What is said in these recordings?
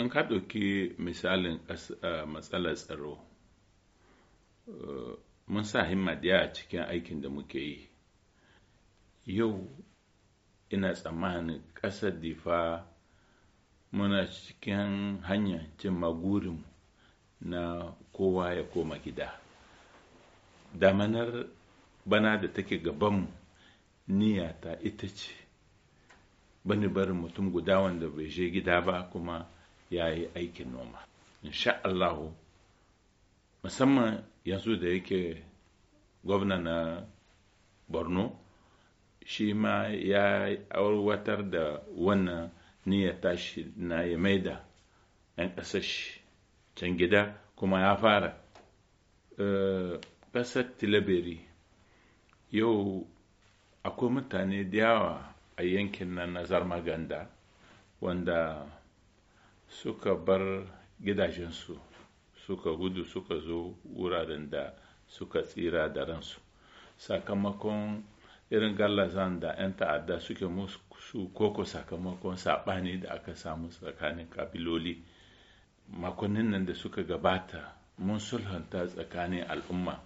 an ka ɗauki misalin matsalar tsaro eh, mun sa himma da a cikin aikin da muke yi yau ina tsammanin ƙasar difa muna cikin hanya cin magurin na kowa ya koma gida damanar bana da take gabanmu niyata ita ce bani barin mutum guda wanda bai je gida ba kuma ya yi aikin noma insha Allahu musamman yanzu da yake gwamna na borno shi ma ya aiwatar da wannan niyyar tashi na ya maida 'yan ƙasar can gida kuma ya fara eh, ƙasar tilaberi yau akwai mutane da yawa a yankin nan na zarmaganda wanda suka bar gidajensu suka gudu suka zo wuraren da suka tsira da ransu sakamakon irin gallazan da 'yan ta'adda suke musu koko sakamakon saɓani da aka samu tsakanin kabiloli makonnin nan da suka gabata mun sulhanta tsakanin al'umma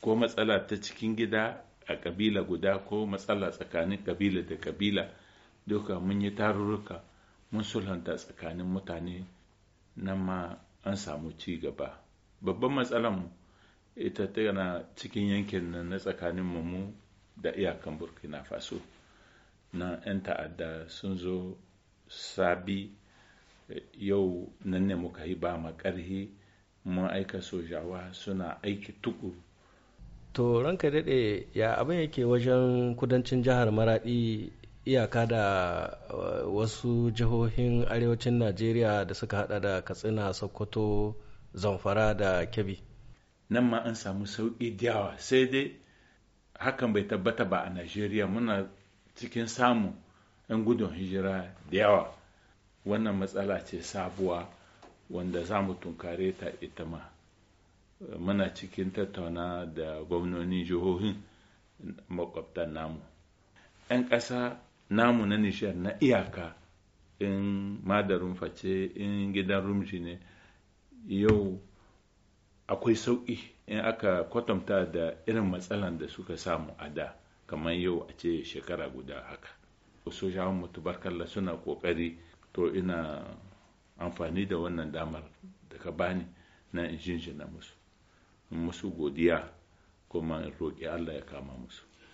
ko matsala ta cikin gida a kabila guda ko matsala tsakanin kabila da kabila duka mun yi tarurruka mun sulhanta tsakanin mutane nan ma an samu ci gaba babban matsalan ita tana cikin yankin nan na tsakanin mu da iyakan burkina faso na 'yan ta'adda sun zo sabi yau nan ne muka yi ba ma mun aika sojawa suna aiki tukuru to ranka daɗe ya abin yake wajen kudancin jihar maraɗi iyaka da uh, wasu jihohin arewacin najeriya da suka hada da katsina sokoto zamfara da kebbi nan ma an samu sauƙi diyawa, sai dai hakan bai tabbata ba a najeriya muna cikin samu 'yan gudun hijira da yawa wannan matsala ce sabuwa wanda za mu tunkare ta ita ma muna cikin tattauna da gwamnonin jihohin makwabtan namu 'yan ƙasa namu na nishiyar na iyaka in madarin face in gidan rumshi ne yau akwai sauƙi in aka kwatanta da irin matsalan da suka samu a da kamar yau a ce shekara guda haka sojawar mutu barkalla suna ƙoƙari to ina amfani da wannan damar da ka bani na in na musu musu godiya kuma in roƙi allah ya kama musu